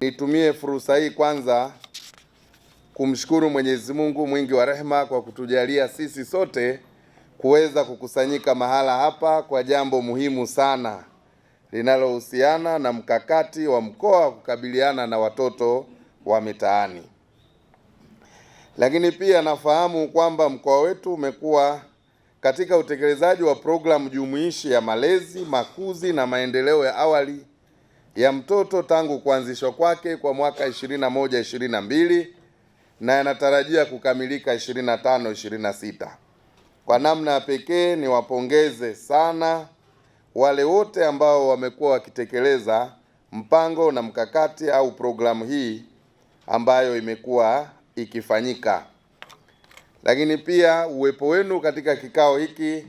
Nitumie fursa hii kwanza kumshukuru Mwenyezi Mungu mwingi wa rehema kwa kutujalia sisi sote kuweza kukusanyika mahala hapa kwa jambo muhimu sana linalohusiana na mkakati wa mkoa wa kukabiliana na watoto wa mitaani. Lakini pia nafahamu kwamba mkoa wetu umekuwa katika utekelezaji wa programu jumuishi ya malezi, makuzi na maendeleo ya awali ya mtoto tangu kuanzishwa kwake kwa mwaka 21 22 na yanatarajia kukamilika 25 26. Kwa namna ya pekee niwapongeze sana wale wote ambao wamekuwa wakitekeleza mpango na mkakati au programu hii ambayo imekuwa ikifanyika, lakini pia uwepo wenu katika kikao hiki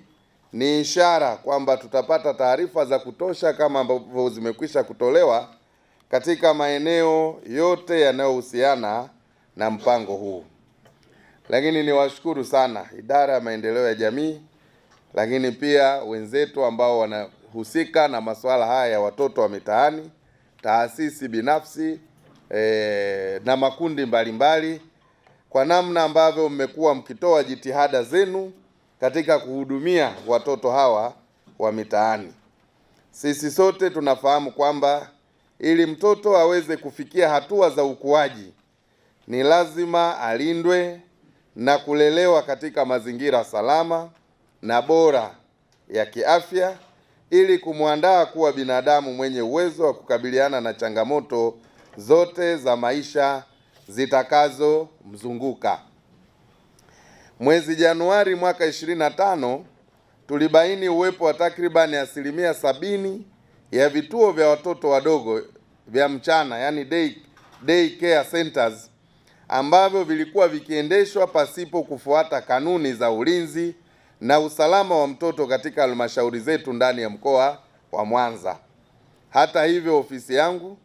ni ishara kwamba tutapata taarifa za kutosha kama ambavyo zimekwisha kutolewa katika maeneo yote yanayohusiana na mpango huu. Lakini niwashukuru sana idara ya maendeleo ya jamii, lakini pia wenzetu ambao wanahusika na masuala haya ya watoto wa mitaani, taasisi binafsi eh, na makundi mbalimbali mbali, kwa namna ambavyo mmekuwa mkitoa jitihada zenu katika kuhudumia watoto hawa wa mitaani. Sisi sote tunafahamu kwamba ili mtoto aweze kufikia hatua za ukuaji ni lazima alindwe na kulelewa katika mazingira salama na bora ya kiafya ili kumwandaa kuwa binadamu mwenye uwezo wa kukabiliana na changamoto zote za maisha zitakazomzunguka. Mwezi Januari mwaka 25 tulibaini uwepo wa takribani asilimia sabini ya vituo vya watoto wadogo vya mchana yani day, day care centers ambavyo vilikuwa vikiendeshwa pasipo kufuata kanuni za ulinzi na usalama wa mtoto katika halmashauri zetu ndani ya mkoa wa Mwanza. Hata hivyo, ofisi yangu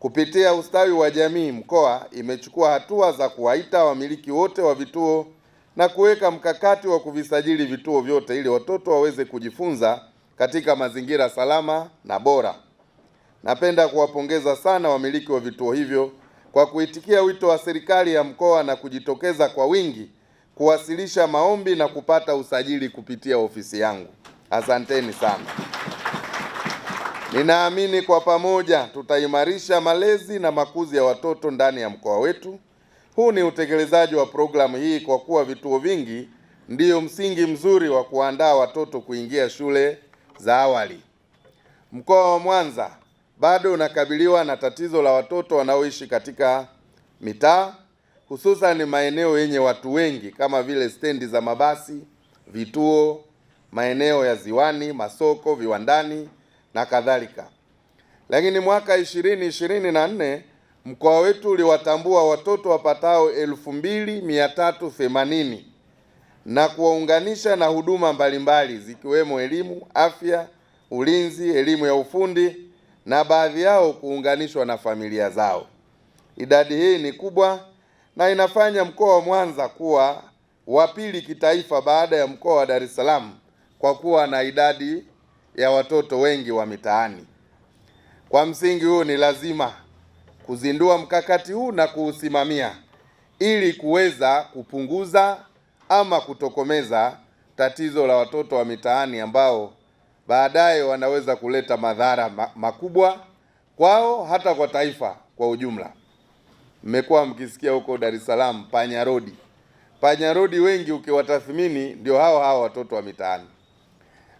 kupitia ustawi wa jamii mkoa imechukua hatua za kuwaita wamiliki wote wa vituo na kuweka mkakati wa kuvisajili vituo vyote ili watoto waweze kujifunza katika mazingira salama na bora. Napenda kuwapongeza sana wamiliki wa vituo hivyo kwa kuitikia wito wa serikali ya mkoa na kujitokeza kwa wingi kuwasilisha maombi na kupata usajili kupitia ofisi yangu. Asanteni sana. Ninaamini kwa pamoja tutaimarisha malezi na makuzi ya watoto ndani ya mkoa wetu. Huu ni utekelezaji wa programu hii kwa kuwa vituo vingi ndiyo msingi mzuri wa kuandaa watoto kuingia shule za awali. Mkoa wa Mwanza bado unakabiliwa na tatizo la watoto wanaoishi katika mitaa, hususan maeneo yenye watu wengi kama vile stendi za mabasi, vituo, maeneo ya ziwani, masoko, viwandani na kadhalika. Lakini mwaka 2024 mkoa wetu uliwatambua watoto wapatao elfu mbili mia tatu themanini na kuwaunganisha na huduma mbalimbali zikiwemo elimu, afya, ulinzi, elimu ya ufundi na baadhi yao kuunganishwa na familia zao. Idadi hii ni kubwa na inafanya mkoa wa Mwanza kuwa wa pili kitaifa baada ya mkoa wa Dar es Salaam kwa kuwa na idadi ya watoto wengi wa mitaani. Kwa msingi huu ni lazima kuzindua mkakati huu na kuusimamia ili kuweza kupunguza ama kutokomeza tatizo la watoto wa mitaani ambao baadaye wanaweza kuleta madhara makubwa kwao hata kwa taifa kwa ujumla. Mmekuwa mkisikia huko Dar es Salaam panya rodi, panya wengi ukiwatathmini ndio hao hao watoto wa mitaani.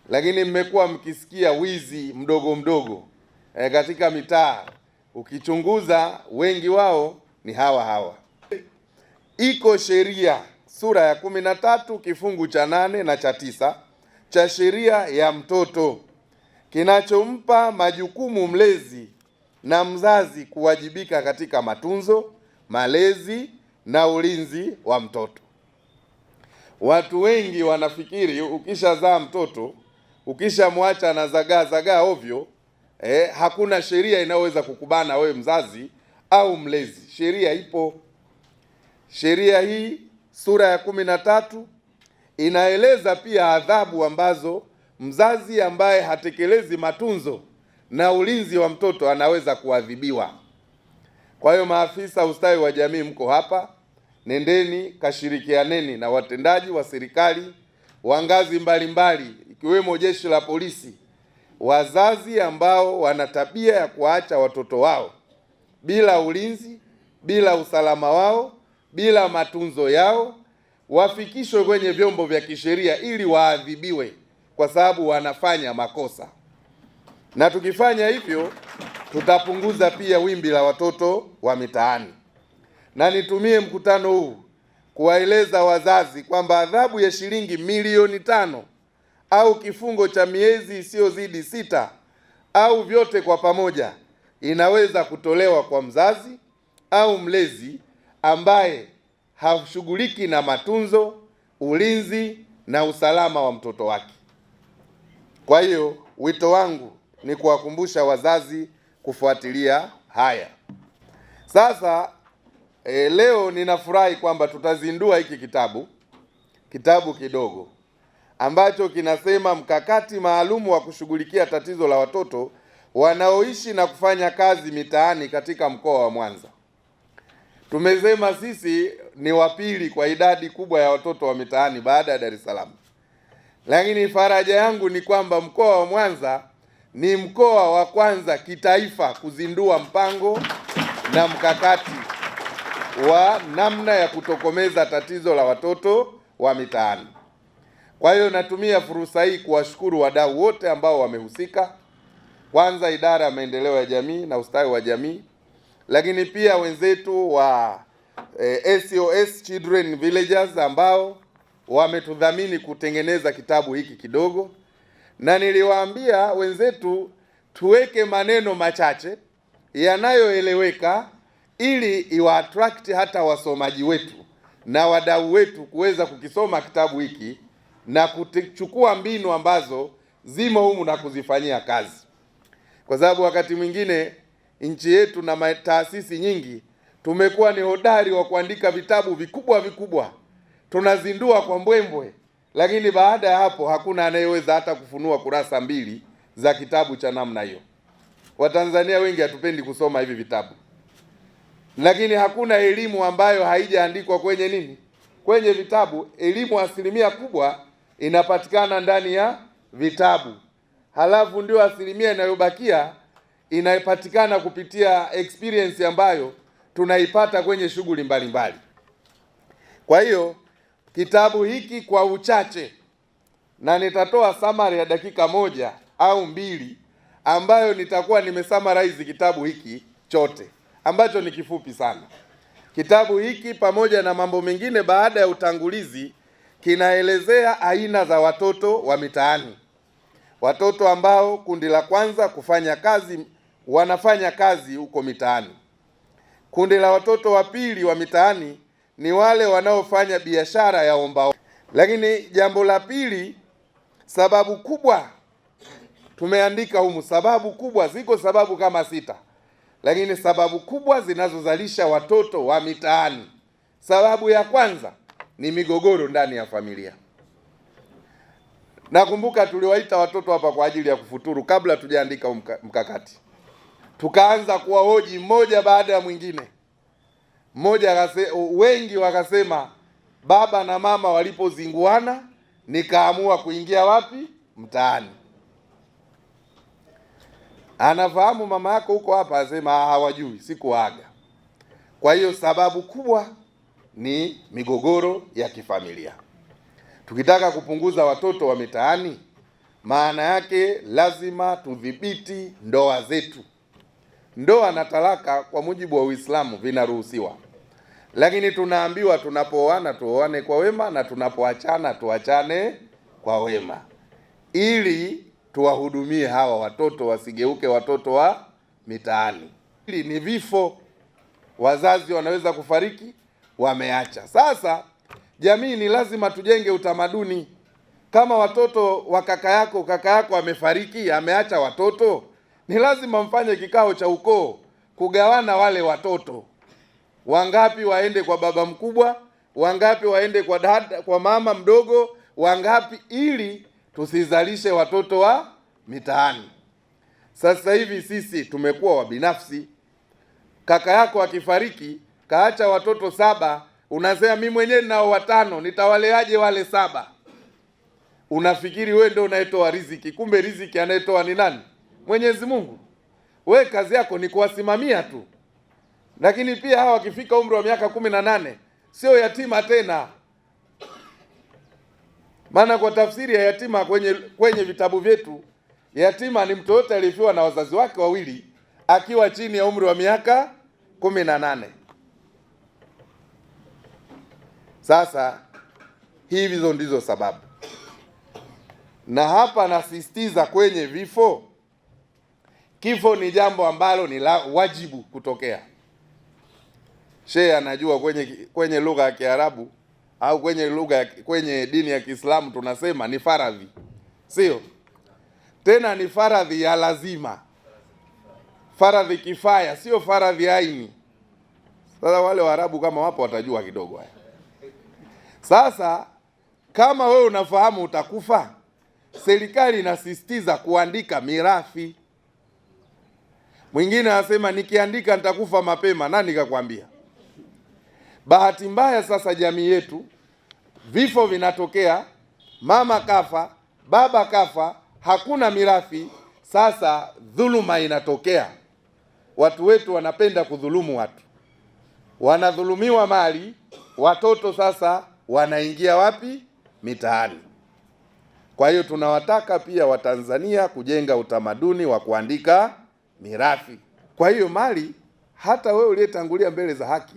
Lakini mmekuwa mkisikia wizi mdogo mdogo e, katika mitaa Ukichunguza wengi wao ni hawa hawa. Iko sheria sura ya kumi na tatu kifungu cha nane na cha tisa cha sheria ya mtoto kinachompa majukumu mlezi na mzazi kuwajibika katika matunzo, malezi na ulinzi wa mtoto. Watu wengi wanafikiri ukishazaa mtoto, ukishamwacha na zagaa zagaa ovyo eh, hakuna sheria inayoweza kukubana wewe mzazi au mlezi. Sheria ipo. Sheria hii sura ya kumi na tatu inaeleza pia adhabu ambazo mzazi ambaye hatekelezi matunzo na ulinzi wa mtoto anaweza kuadhibiwa. Kwa hiyo, maafisa ustawi wa jamii mko hapa, nendeni kashirikianeni na watendaji wa serikali wa ngazi mbalimbali ikiwemo jeshi la polisi wazazi ambao wana tabia ya kuwaacha watoto wao bila ulinzi, bila usalama wao, bila matunzo yao, wafikishwe kwenye vyombo vya kisheria ili waadhibiwe, kwa sababu wanafanya makosa. Na tukifanya hivyo, tutapunguza pia wimbi la watoto wa mitaani. Na nitumie mkutano huu kuwaeleza wazazi kwamba adhabu ya shilingi milioni tano au kifungo cha miezi isiyozidi sita au vyote kwa pamoja, inaweza kutolewa kwa mzazi au mlezi ambaye hashughuliki na matunzo, ulinzi na usalama wa mtoto wake. Kwa hiyo wito wangu ni kuwakumbusha wazazi kufuatilia haya. Sasa e, leo ninafurahi kwamba tutazindua hiki kitabu, kitabu kidogo ambacho kinasema mkakati maalum wa kushughulikia tatizo la watoto wanaoishi na kufanya kazi mitaani katika mkoa wa Mwanza. Tumesema sisi ni wa pili kwa idadi kubwa ya watoto wa mitaani baada ya Dar es Salaam, lakini faraja yangu ni kwamba mkoa wa Mwanza ni mkoa wa kwanza kitaifa kuzindua mpango na mkakati wa namna ya kutokomeza tatizo la watoto wa mitaani. Kwa hiyo natumia fursa hii kuwashukuru wadau wote ambao wamehusika, kwanza idara ya maendeleo ya jamii na ustawi wa jamii, lakini pia wenzetu wa e, eh, SOS Children Villages ambao wametudhamini kutengeneza kitabu hiki kidogo, na niliwaambia wenzetu tuweke maneno machache yanayoeleweka ili iwaattract hata wasomaji wetu na wadau wetu kuweza kukisoma kitabu hiki na kuchukua mbinu ambazo zimo humu na kuzifanyia kazi, kwa sababu wakati mwingine nchi yetu na taasisi nyingi tumekuwa ni hodari wa kuandika vitabu vikubwa vikubwa, tunazindua kwa mbwembwe, lakini baada ya hapo hakuna anayeweza hata kufunua kurasa mbili za kitabu cha namna hiyo. Watanzania wengi hatupendi kusoma hivi vitabu, lakini hakuna elimu ambayo haijaandikwa kwenye nini, kwenye vitabu. Elimu asilimia kubwa inapatikana ndani ya vitabu, halafu ndio asilimia inayobakia inapatikana kupitia experience ambayo tunaipata kwenye shughuli mbalimbali. Kwa hiyo kitabu hiki kwa uchache, na nitatoa summary ya dakika moja au mbili ambayo nitakuwa nimesummarize kitabu hiki chote ambacho ni kifupi sana. Kitabu hiki pamoja na mambo mengine, baada ya utangulizi kinaelezea aina za watoto wa mitaani, watoto ambao kundi la kwanza kufanya kazi wanafanya kazi huko mitaani. Kundi la watoto wa pili wa mitaani ni wale wanaofanya biashara ya ombaomba. Lakini jambo la pili, sababu kubwa tumeandika humu, sababu kubwa ziko sababu kama sita, lakini sababu kubwa zinazozalisha watoto wa mitaani, sababu ya kwanza ni migogoro ndani ya familia. Nakumbuka tuliwaita watoto hapa kwa ajili ya kufuturu kabla tujaandika mkakati, tukaanza kuwahoji mmoja baada ya mwingine. Mmoja wengi wakasema baba na mama walipozinguana nikaamua kuingia wapi? Mtaani. Anafahamu mama yako huko hapa, asema ah, hawajui, sikuaga. Kwa hiyo sababu kubwa ni migogoro ya kifamilia. Tukitaka kupunguza watoto wa mitaani, maana yake lazima tudhibiti ndoa zetu. Ndoa na talaka kwa mujibu wa Uislamu vinaruhusiwa, lakini tunaambiwa tunapooana tuoane kwa wema na tunapoachana tuachane kwa wema, ili tuwahudumie hawa watoto wasigeuke watoto wa mitaani. Hili ni vifo, wazazi wanaweza kufariki, wameacha. Sasa jamii, ni lazima tujenge utamaduni. Kama watoto wa kaka yako, kaka yako amefariki, ameacha watoto, ni lazima mfanye kikao cha ukoo kugawana wale watoto, wangapi waende kwa baba mkubwa, wangapi waende kwa dada, kwa mama mdogo, wangapi, ili tusizalishe watoto wa mitaani. Sasa hivi sisi tumekuwa wabinafsi. Kaka yako akifariki kaacha watoto saba, unasema mi mwenyewe ninao watano, nitawaleaje wale saba? Unafikiri we ndio unayetoa riziki, kumbe riziki anayetoa ni nani? Mwenyezi Mungu. We kazi yako ni kuwasimamia tu, lakini pia hawa wakifika umri wa miaka kumi na nane sio yatima tena, maana kwa tafsiri ya yatima kwenye kwenye vitabu vyetu yatima ni mtu yoyote aliyefiwa na wazazi wake wawili akiwa chini ya umri wa miaka kumi na nane. Sasa hizo ndizo sababu, na hapa nasisitiza kwenye vifo. Kifo ni jambo ambalo ni la wajibu kutokea. Shehe anajua kwenye kwenye lugha ya Kiarabu au kwenye lugha kwenye dini ya Kiislamu tunasema ni faradhi, sio tena, ni faradhi ya lazima, faradhi kifaya, sio faradhi aini. Sasa wale Waarabu kama wapo watajua kidogo haya sasa kama wewe unafahamu utakufa, serikali inasisitiza kuandika mirathi. Mwingine anasema nikiandika nitakufa mapema. Nani kakwambia? Bahati mbaya sasa, jamii yetu vifo vinatokea, mama kafa, baba kafa, hakuna mirathi. Sasa dhuluma inatokea, watu wetu wanapenda kudhulumu watu, wanadhulumiwa mali, watoto sasa wanaingia wapi? Mitaani. Kwa hiyo tunawataka pia Watanzania kujenga utamaduni wa kuandika mirathi. Kwa hiyo mali, hata wewe uliyetangulia mbele za haki,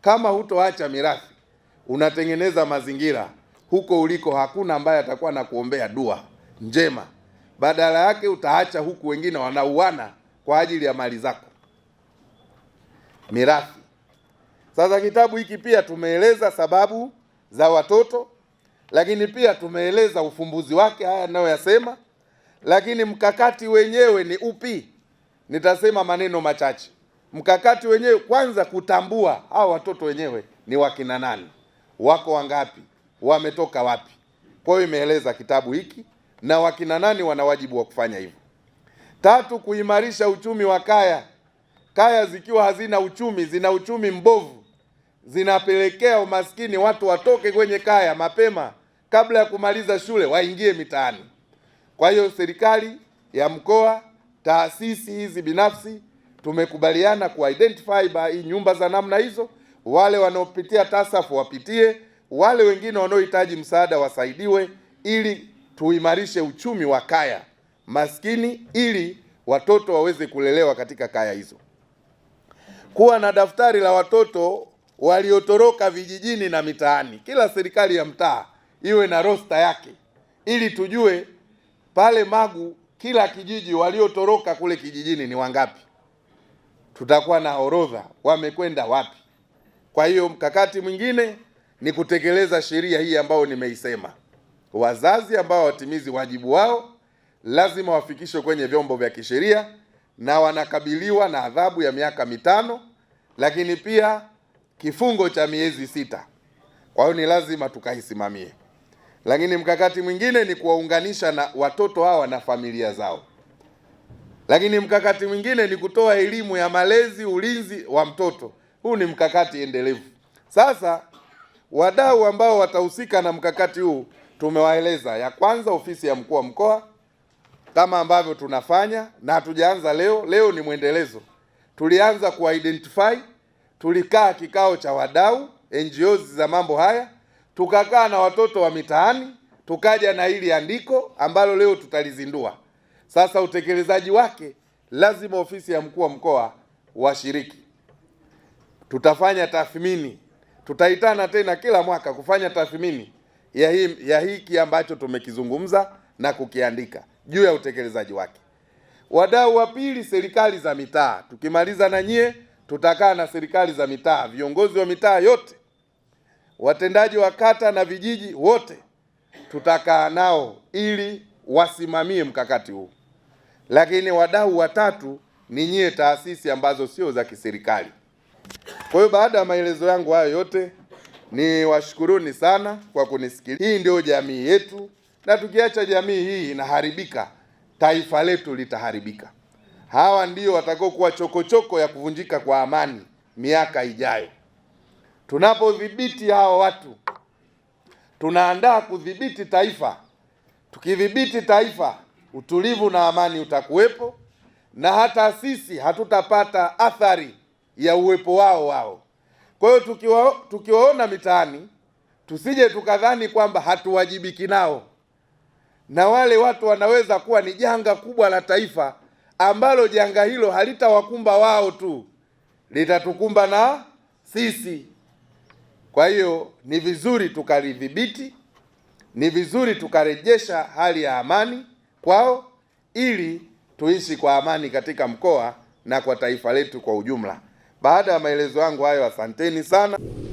kama hutoacha mirathi, unatengeneza mazingira huko uliko, hakuna ambaye atakuwa na kuombea dua njema, badala yake utaacha huku wengine wanauana kwa ajili ya mali zako, mirathi. Sasa kitabu hiki pia tumeeleza sababu za watoto, lakini pia tumeeleza ufumbuzi wake haya ninayoyasema, lakini mkakati wenyewe ni upi? Nitasema maneno machache. Mkakati wenyewe kwanza, kutambua hawa watoto wenyewe ni wakina nani, wako wangapi, wametoka wapi. Kwa hiyo imeeleza kitabu hiki na wakina nani wana wajibu wa kufanya hivyo. Tatu, kuimarisha uchumi wa kaya. Kaya zikiwa hazina uchumi, zina uchumi mbovu zinapelekea umaskini, watu watoke kwenye kaya mapema kabla ya kumaliza shule waingie mitaani. Kwa hiyo serikali ya mkoa, taasisi hizi binafsi tumekubaliana identify hii nyumba za namna hizo, wale wanaopitia tasafu wapitie, wale wengine wanaohitaji msaada wasaidiwe, ili tuimarishe uchumi wa kaya maskini, ili watoto waweze kulelewa katika kaya hizo. Kuwa na daftari la watoto waliotoroka vijijini na mitaani. Kila serikali ya mtaa iwe na rosta yake, ili tujue pale Magu kila kijiji waliotoroka kule kijijini ni wangapi, tutakuwa na orodha wamekwenda wapi. Kwa hiyo mkakati mwingine ni kutekeleza sheria hii ambayo nimeisema. Wazazi ambao watimizi wajibu wao lazima wafikishwe kwenye vyombo vya kisheria na wanakabiliwa na adhabu ya miaka mitano, lakini pia kifungo cha miezi sita. Kwa hiyo ni lazima tukaisimamie, lakini mkakati mwingine ni kuwaunganisha na watoto hawa na familia zao, lakini mkakati mwingine ni kutoa elimu ya malezi, ulinzi wa mtoto. Huu ni mkakati endelevu. Sasa wadau ambao watahusika na mkakati huu tumewaeleza, ya kwanza ofisi ya mkuu wa mkoa kama ambavyo tunafanya na hatujaanza leo. Leo ni mwendelezo, tulianza kuidentify tulikaa kikao cha wadau NGOs za mambo haya, tukakaa na watoto wa mitaani, tukaja na hili andiko ambalo leo tutalizindua. Sasa utekelezaji wake lazima ofisi ya mkuu wa mkoa washiriki. Tutafanya tathmini, tutaitana tena kila mwaka kufanya tathmini ya hii ya hiki ambacho tumekizungumza na kukiandika juu ya utekelezaji wake. Wadau wa pili, serikali za mitaa, tukimaliza na nyie tutakaa na serikali za mitaa, viongozi wa mitaa yote, watendaji wa kata na vijiji wote, tutakaa nao ili wasimamie mkakati huu. Lakini wadau watatu ni nyie taasisi ambazo sio za kiserikali. Kwa hiyo baada ya maelezo yangu hayo yote, ni washukuruni sana kwa kunisikiliza. Hii ndio jamii yetu, na tukiacha jamii hii inaharibika, taifa letu litaharibika. Hawa ndio watakaokuwa chokochoko ya kuvunjika kwa amani miaka ijayo. Tunapodhibiti hawa watu, tunaandaa kudhibiti taifa. Tukidhibiti taifa, utulivu na amani utakuwepo, na hata sisi hatutapata athari ya uwepo wao wao. Kwa hiyo tukiwa, tukiwaona mitaani tusije tukadhani kwamba hatuwajibiki nao, na wale watu wanaweza kuwa ni janga kubwa la taifa ambalo janga hilo halitawakumba wao tu, litatukumba na sisi. Kwa hiyo ni vizuri tukalidhibiti, ni vizuri tukarejesha hali ya amani kwao, ili tuishi kwa amani katika mkoa na kwa taifa letu kwa ujumla. Baada ya maelezo yangu hayo, asanteni sana.